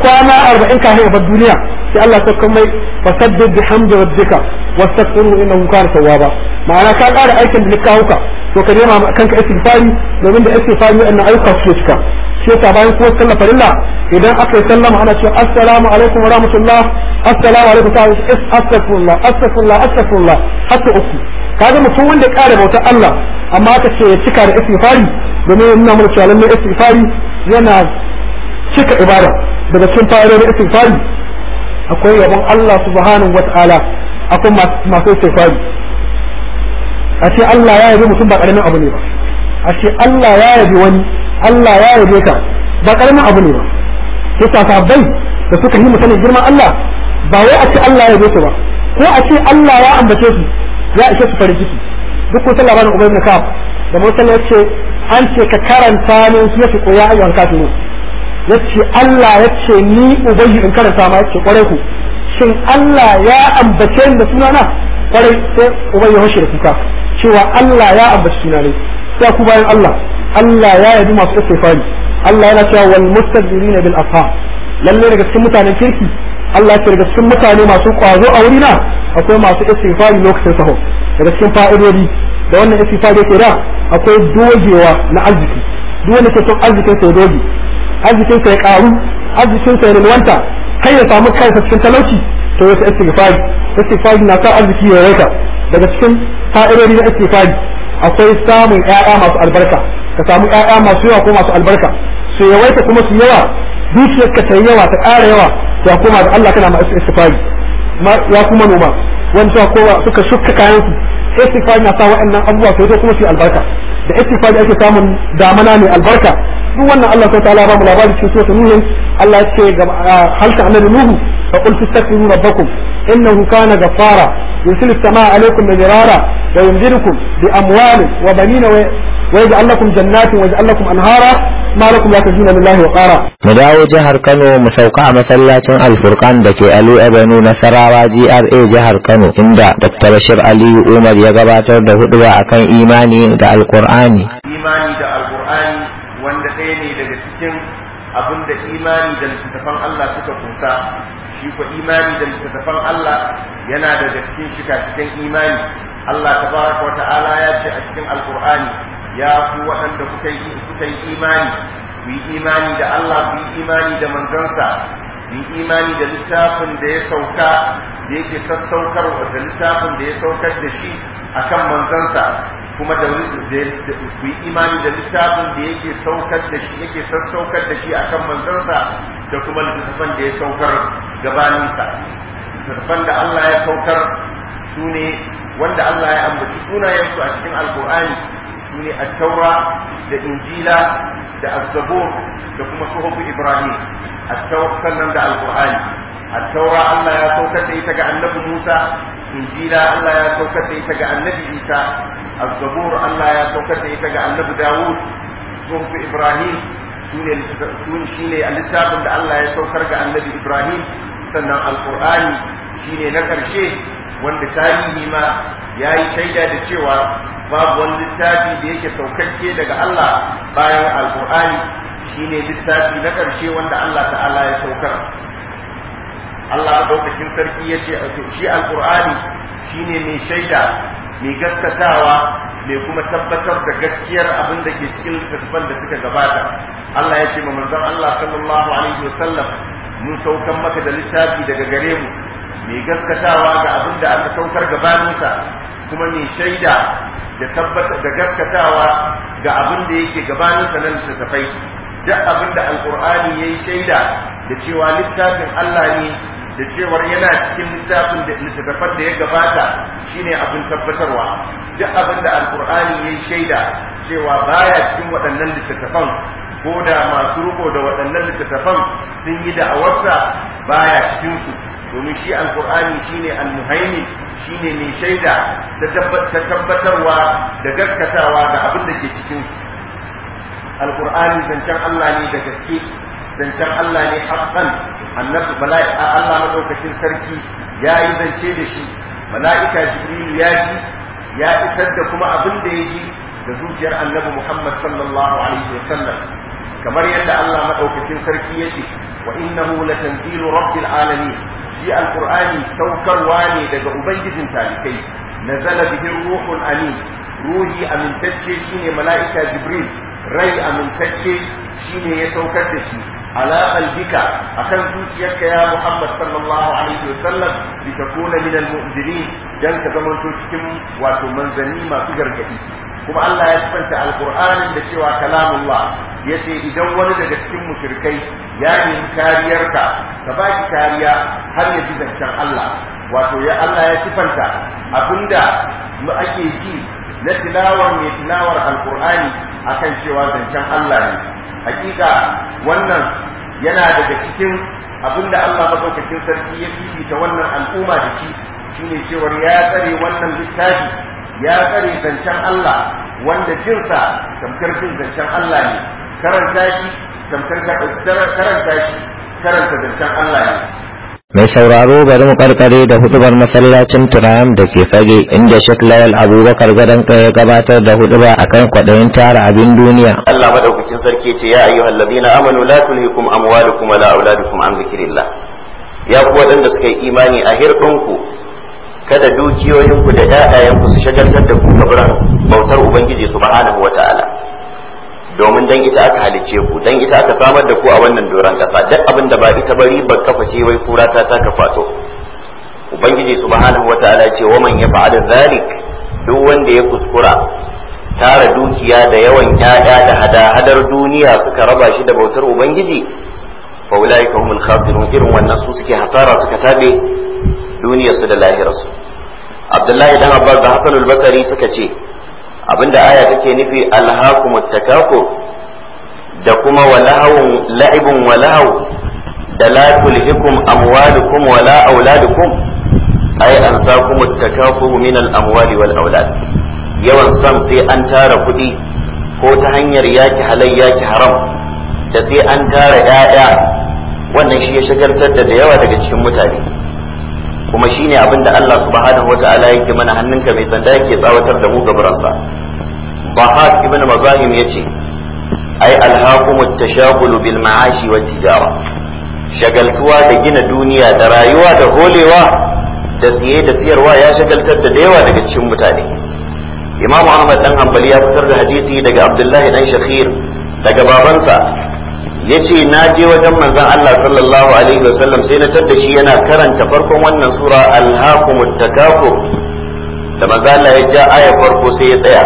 kwana arba'in kafin ya bar duniya sai Allah ta kuma fasaddid bi hamdi rabbika wastaghfiruhu innahu kana tawwaba ma'ana ka ƙara aikin da likawuka to ka nema kanka istighfari domin da istighfari wannan ayyuka su cika shi yasa bayan kuma sallar farilla idan aka yi sallama ana cewa assalamu alaikum wa rahmatullah assalamu alaikum ta astaghfirullah astaghfirullah astaghfirullah hatta uku kaga mutum wanda ya kare bautar Allah amma aka ce ya cika da istighfari domin yana mana cewa lallai istighfari yana cika ibada daga cikin fa'idodin istighfari akwai yabon Allah subhanahu wata'ala akwai masu istighfari a ce Allah ya yabi mutum ba karamin abu ne ba a ce Allah ya yabi wani Allah ya yabe ka ba karamin abu ne ba yasa sahabbai da suka yi mutane girman Allah ba wai a ce Allah ya yabe su ba ko a ce Allah ya ambace su ya ishe su farin ciki duk kun san labarin Ubay ibn Ka'ab da mutum ya ce an ce ka karanta ne su yace ko ya kafiru yace Allah yace ni Ubay in karanta ma yace kwarai ku shin Allah ya ambace ni da sunana kwarai sai Ubay ya hoshe da kuka cewa Allah ya ambace sunana sai ku bayan Allah Allah ya yabi masu istighfari Allah yana cewa wal mustabirina bil ashab lalle daga cikin mutanen kirki Allah ya ce daga cikin mutane masu kwazo a wurina akwai masu istighfari lokacin saho daga cikin fa'idodi da wannan istighfari yake da akwai dogewa na arziki duk wanda ke son arzikin sa doge arzikin sa ya karu arzikin sa ya rilwanta kai ya samu kansa cikin talauci to yasa istighfari istighfari na sa arziki ya yawaita daga cikin fa'idodi na istighfari akwai samun ƴaƴa masu albarka ka samu ƴaƴa masu yawa ko masu albarka su yawaita kuma su yawa dukiyar ka tayi yawa ta ƙara yawa ya koma da Allah kana ma istifari ya kuma noma wanda kowa suka shukka kayan su istifari na sa waɗannan abubuwa sai kuma su albarka da istifari ake samun damana ne albarka duk wannan Allah ta ta'ala ba mu labari cikin sura nuhu Allah ya ce ga halka annabi nuhu fa qul tastaghfiru rabbakum innahu kana ghaffara yursilu as-samaa alaykum midrara ويمددكم بأموال وبنين ويجعل لكم جنات ويجعل لكم أنهارا ما لكم لا تجين لله وقارا مداو جهر كانو مسوقع مسلاتين الفرقان دكي ألو أبنو نسرارا جي آر اي جهر كانو عند دكتور بشير علي عمر يغباتر ده هدوى أكن إيماني دا القرآن إيماني دا القرآن وان دقيني لغتكين abin da imani da littattafan Allah suka kunsa shi ko imani da littattafan Allah yana daga cikin shika cikin imani Allah tabaraka wa ta'ala ya ce a cikin alqur'ani ya fi waɗanda kuka yi imani ku yi imani da Allah ku imani da manzansa ku imani da littafin da ya sauka da yake sassaukar da littafin da ya saukar da shi akan manzansa kuma da ku yi imani da littafin da yake saukar da shi yake sassaukar da shi akan manzansa da kuma littafin da ya saukar gabaninsa littafin da Allah ya saukar su ne wanda Allah ya ambaci sunayensu a cikin alkur'ani su ne attaura da injila da azzabur da kuma suhufu ibrahim attaura sannan da alqur'ani attaura Allah ya saukar da ita ga annabi Musa injila Allah ya saukar da ita ga annabi Isa azzabur Allah ya saukar da ita ga annabi Dawud suhufu ibrahim shi ne littafin da Allah ya saukar ga annabi ibrahim sannan Al-Qur'ani shine na ƙarshe wanda tarihi ma ya yi shaida da cewa babu wani littafi da yake saukakke daga Allah bayan alkur'ani ne littafi na ƙarshe wanda Allah ta'ala ya saukar Allah ɗaukakin sarki ya ce shi alkur'ani ne mai shaida mai gaskatawa mai kuma tabbatar da gaskiyar abin da ke cikin littattafan da suka gabata Allah ya ce ma manzon Allah sallallahu alaihi wa sallam, mun saukan maka da littafi daga gare mu mai gaskatawa ga abin da aka saukar gabaninsa kuma mai shaida da tabbata da gaskatawa ga abin da yake gabanin sanar tafai duk abin da alkur'ani ya yi shaida da cewa littafin Allah ne da cewar yana cikin littafin da littattafan da ya gabata shine abin tabbatarwa duk abin da alkur'ani ya yi shaida cewa baya cikin waɗannan littafan ko da masu riko da waɗannan littafan sun yi da da'awarsa baya cikinsu domin shi alkur'ani shine almuhaimin shine mai shaida ta tabbatarwa da gaskatawa da abin da ke cikin alkur'ani zancen Allah ne da gaske zancen Allah ne haqqan annabi bala'i Allah madaukakin sarki ya yi zance da shi mala'ika jibril ya ji ya isar da kuma abin da ya ji da zuciyar annabi Muhammad sallallahu alaihi sallam. kamar yadda Allah madaukakin sarki ya ce, wa innahu latanzilu rabbil alamin shi alkur'ani saukarwa ne daga ubangijin talikai nazala bihin ruhul amin ruhi amintacce shine mala'ika jibril rai amintacce shine ya saukar da shi ala qalbika akan zuciyarka ya muhammad sallallahu alaihi wasallam litakuna min almu'minin dan ka zamanto cikin wato manzanni masu gargadi kuma Allah ya sifanta alqur'anin da cewa kalamullah yace idan wani daga cikin mushrikai ya nemi kariyarka ka ba shi kariya har ya ji zancen Allah wato ya Allah ya sifanta abinda mu ake ji na tilawar mai tilawar alqur'ani akan cewa zancen Allah ne hakika wannan yana daga cikin abinda Allah madaukakin sarki ya fifita wannan al'umma da shi shine cewar ya tsare wannan littafi ya tsare zancen Allah wanda jinsa tamkar jin zancen Allah ne karanta shi tamkar karanta shi karanta zancen Allah ne mai sauraro bari mu karkare da hudubar masallacin turam da ke fage inda Sheikh Layal Abubakar gadan ya gabatar da huduba akan kwadayin tara abin duniya Allah madaukakin sarki ce ya ayyuhal ladina amanu la tulhikum amwalukum wala auladukum an zikrillah ya ku wadanda suka yi imani a hirɗinku kada dukiyoyinku da ƴaƴayenku su shagaltar da ku gaburan bautar ubangiji subhanahu ta'ala, domin dan ita aka halice ku dan ita aka samar da ku a wannan doron ƙasa duk abin da ba ita bari ba kafa ce wai kura ta taka fato. ubangiji subhanahu ta'ala ce wa man yaf'al dhalik duk wanda ya kuskura tara dukiya da yawan ƴaƴa da hada-hadar duniya suka raba shi da bautar ubangiji fa ulaika humul khasirun irin wannan su suke hasara suka tabe duniyarsu da lahirarsu abdullahi dan abbas da hasan basari suka ce abinda aya take nufi alhaakumut takakur da kuma walahawun la'ibun da la tulhikum amwalukum wala auladukum ay ansakumut takafur min al amwali wal aulad yawan san sai an tara kuɗi ko ta hanyar yaki halal yaki haram da sai an tara 'ya'ya wannan shi ya shagaltar da yawa daga cikin mutane kuma shine abin da Allah subhanahu wata'ala yake mana hannunka mai sanda yake tsawatar da mu gaburansa bahad ibn mazahim yace ai alhaqum at-tashaghul bil ma'ashi wat tijara shagaltuwa da gina duniya da rayuwa da holewa da siye da siyarwa ya shagaltar da yawa daga cikin mutane imam ahmad dan hanbali ya fitar da hadisi daga abdullahi dan shakhir daga babansa Ya ce na je wajen manzon Allah sallallahu alaihi wasallam sai na tadda shi yana karanta farkon wannan sura alhakumu takafu da manzan Allah ya ja aya farko sai ya tsaya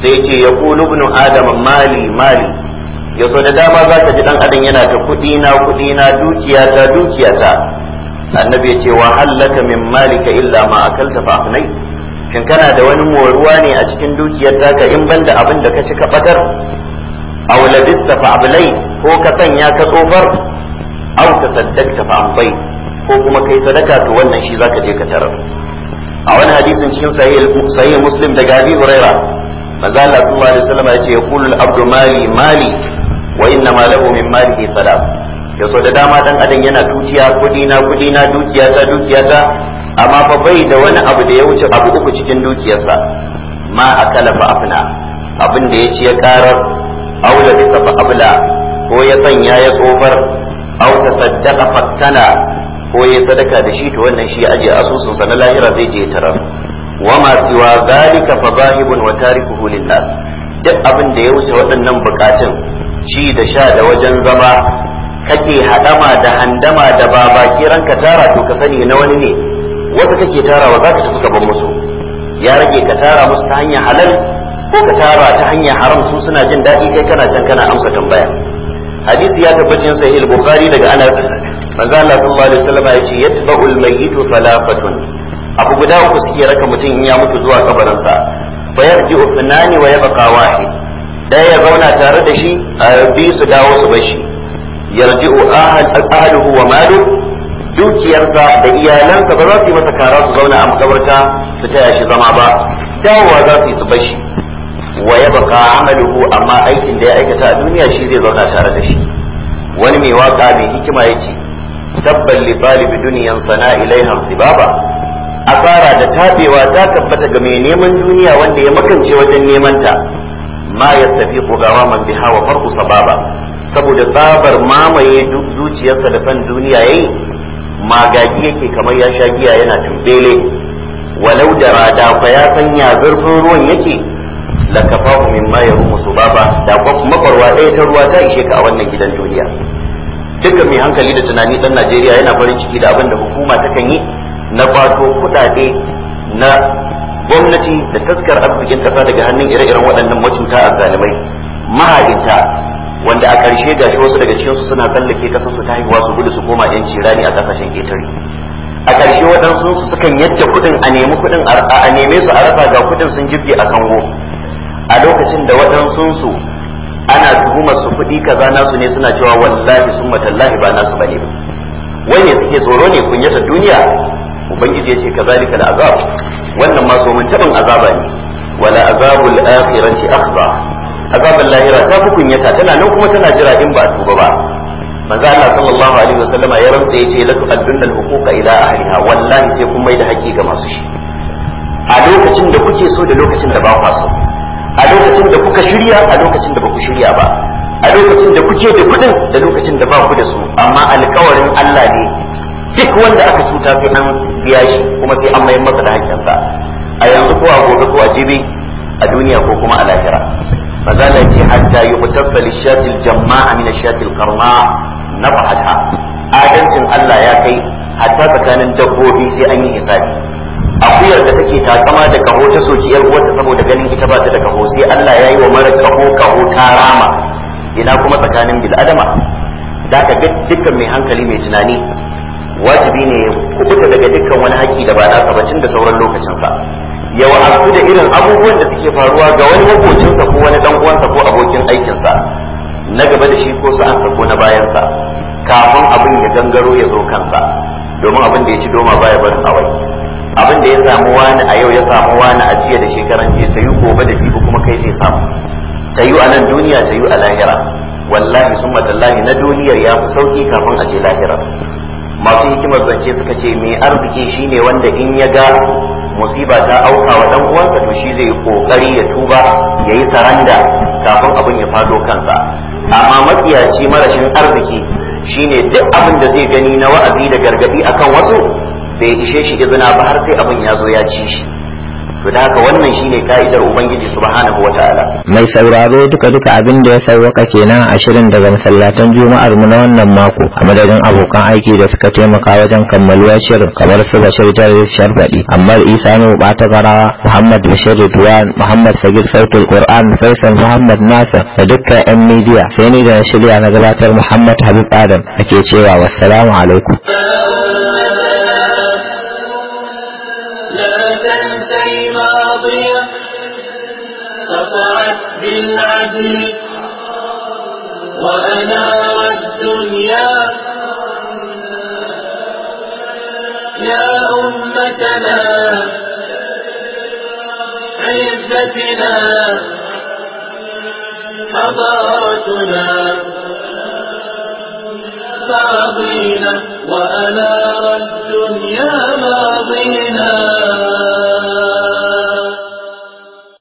sai yace yaqulu ibnu adam mali mali so da dama za ka ji dan adam yana ta kudi na kudi na dukiya ta dukiya ta annabi ce wa hallaka min malika illa ma akalta fa afnai shin kana da wani moruwa ne a cikin dukiyar taka in banda abin da ka ci ka batar aw labista fa ablai ko ka sanya ka tsofar aw tasaddaqta fa ambai ko kuma kai sadaka to wannan shi zaka je ka tarar a wani hadisin cikin sahih muslim daga abi huraira manzo Allah sallallahu alaihi wasallam ya ce yaqulu al-abdu mali mali wa inna ma lahu min malihi salam so da dama dan adam yana dukiya kudi na kudi na dukiya ta dukiya ta amma fa bai da wani abu da ya wuce abu uku cikin dukiyarsa ma akala fa afna abin da ya ci ya karar aw labisa fa abla ko ya sanya ya tsofar Auta Sadaka fattana ko ya sadaka da shi to wannan shi ya aje asusun sa na lahira zai je tarar wama siwa zalika fa bahibun wa tarikuhu lillah duk abin da ya wuce waɗannan bukatun shi da sha da wajen zama kake hadama da handama da kiran ka tara to ka sani na wani ne wasu kake tarawa za ka tafi gaban musu ya rage ka tara musu ta hanyar halal ko ka tara ta hanyar haram su suna jin daɗi kai kana can kana amsa tambaya hadisi ya tabbacin sahih bukhari daga anas manzo Allah sallallahu alaihi wasallam ya ce yatba'u al-mayyit salafatun abu guda uku suke raka mutum in ya mutu zuwa kabarinsa fa yarji'u thanani wa yabqa wahid daya ya zauna tare da shi a su dawo su bashi yarji'u ahluhu wa malu dukiyarsa da iyalansa ba za su yi masa kara su zauna a makabarta su taya shi zama ba dawowa za su yi su bashi wa ya baka amaluhu amma aikin da ya aikata a duniya shi zai zauna tare da shi wani mai waka mai hikima ya ce tabban li talibi duniyan sana ilaiha sibaba asara da tabewa ta tabbata ga mai neman duniya wanda ya makance wajen neman ta ma yastafi man biha wa farqu sababa saboda sabar mamaye duk zuciyarsa da san duniya yayi magagi yake kamar ya sha giya yana tumbele walau da rada fa ya sanya zurfin ruwan yake la kafahu mimma yarumu baba da makwarwa ɗaya ta ruwa ta ishe ka a wannan gidan duniya duka mai hankali da tunani dan Najeriya yana farin ciki da abin da hukuma ta yi na kwato kuɗaɗe na gwamnati da taskar arzikin kasa daga hannun ire-iren waɗannan mutunta a zalimai Mahalinta wanda a ƙarshe gashi wasu daga cikinsu suna tsallake kasar su ta haihuwa su gudu su koma yan cirani a ƙasashen ƙetare a ƙarshe waɗansu su sukan yadda kuɗin a nemi kuɗin a neme su a rasa ga kuɗin sun jirgi a kango a lokacin da su, ana tuhumar su kuɗi kaza nasu ne suna cewa wallahi sun matallahi ba nasu bane ba ne suke tsoro ne kunyatar duniya ubangiji ya ce kazalika Azab? wannan ma so mun azaba ne wala azabul akhirati akhza azabul lahira ta fi kunyata tana nan kuma tana jira in ba tuba ba manzo Allah sallallahu alaihi wasallama ya rantsa yace la tu'addunna al-huquqa ila ahliha wallahi sai kun mai da haƙi ga masu shi a lokacin da kuke so da lokacin da ba ku so a lokacin da kuka shirya a lokacin da baku shirya ba a lokacin da kuke da kudin da lokacin da ba ku da su amma alkawarin Allah ne duk wanda aka cuta sai an biya shi kuma sai an mayar masa da hakkinsa a yanzu ko a gobe ko a jibi a duniya ko kuma a lahira maza la ce hatta yuqtafa lishatil jamma'a min ashatil na nabahata adalcin Allah ya kai hatta tsakanin dabbobi sai an yi hisabi akuyar da take takama da kaho ta soki yar uwarta saboda ganin ita ba ta da kaho sai Allah ya yi wa mara kaho kaho ta rama ina kuma tsakanin bil adama da ka dukkan mai hankali mai tunani wajibi ne ya kubuta daga dukkan wani haƙƙi da ba na ba tun da sauran lokacinsa yawa asu da irin abubuwan da suke faruwa ga wani makocinsa ko wani dan uwansa ko abokin aikinsa na gaba da shi ko sa'ansa ko na bayansa kafin abin ya gangaro ya zo kansa domin abin da ya ci doma baya barin awai abin da ya samu wani a yau ya samu wani a jiya da shekaran jiya ta yi gobe da jibi kuma kai zai samu ta yi a nan duniya ta yi a lahira wallahi sun matallahi na duniyar ya fi sauki kafin a je lahira masu hikimar zance suka ce mai arziki shine wanda in ya ga musiba ta auka wa dan uwansa to shi zai kokari ya tuba ya yi saranda kafin abin ya fado kansa amma matsiyaci marashin arziki shine duk abin da zai gani na wa'azi da gargadi akan wasu bai ishe shi izina ba har sai abin ya zo ya ci shi to da haka wannan shine ka'idar ubangiji subhanahu wataala mai sauraro duka duka abin da ya sauwaka kenan a shirin daga masallatan juma'ar mu na wannan mako a madadin abokan aiki da suka taimaka wajen kammaluwa shirin kamar su bashir jarir sharbaɗi ammar isa nu bata garawa muhammad bashir duwan muhammad sagir sautul qur'an faisal muhammad nasir da dukkan yan midiya sai ni da na shirya na gabatar muhammad habib adam ake cewa wassalamu alaikum بالعدل وأنار الدنيا يا أمتنا عزتنا حضارتنا ماضينا وأنار الدنيا ماضينا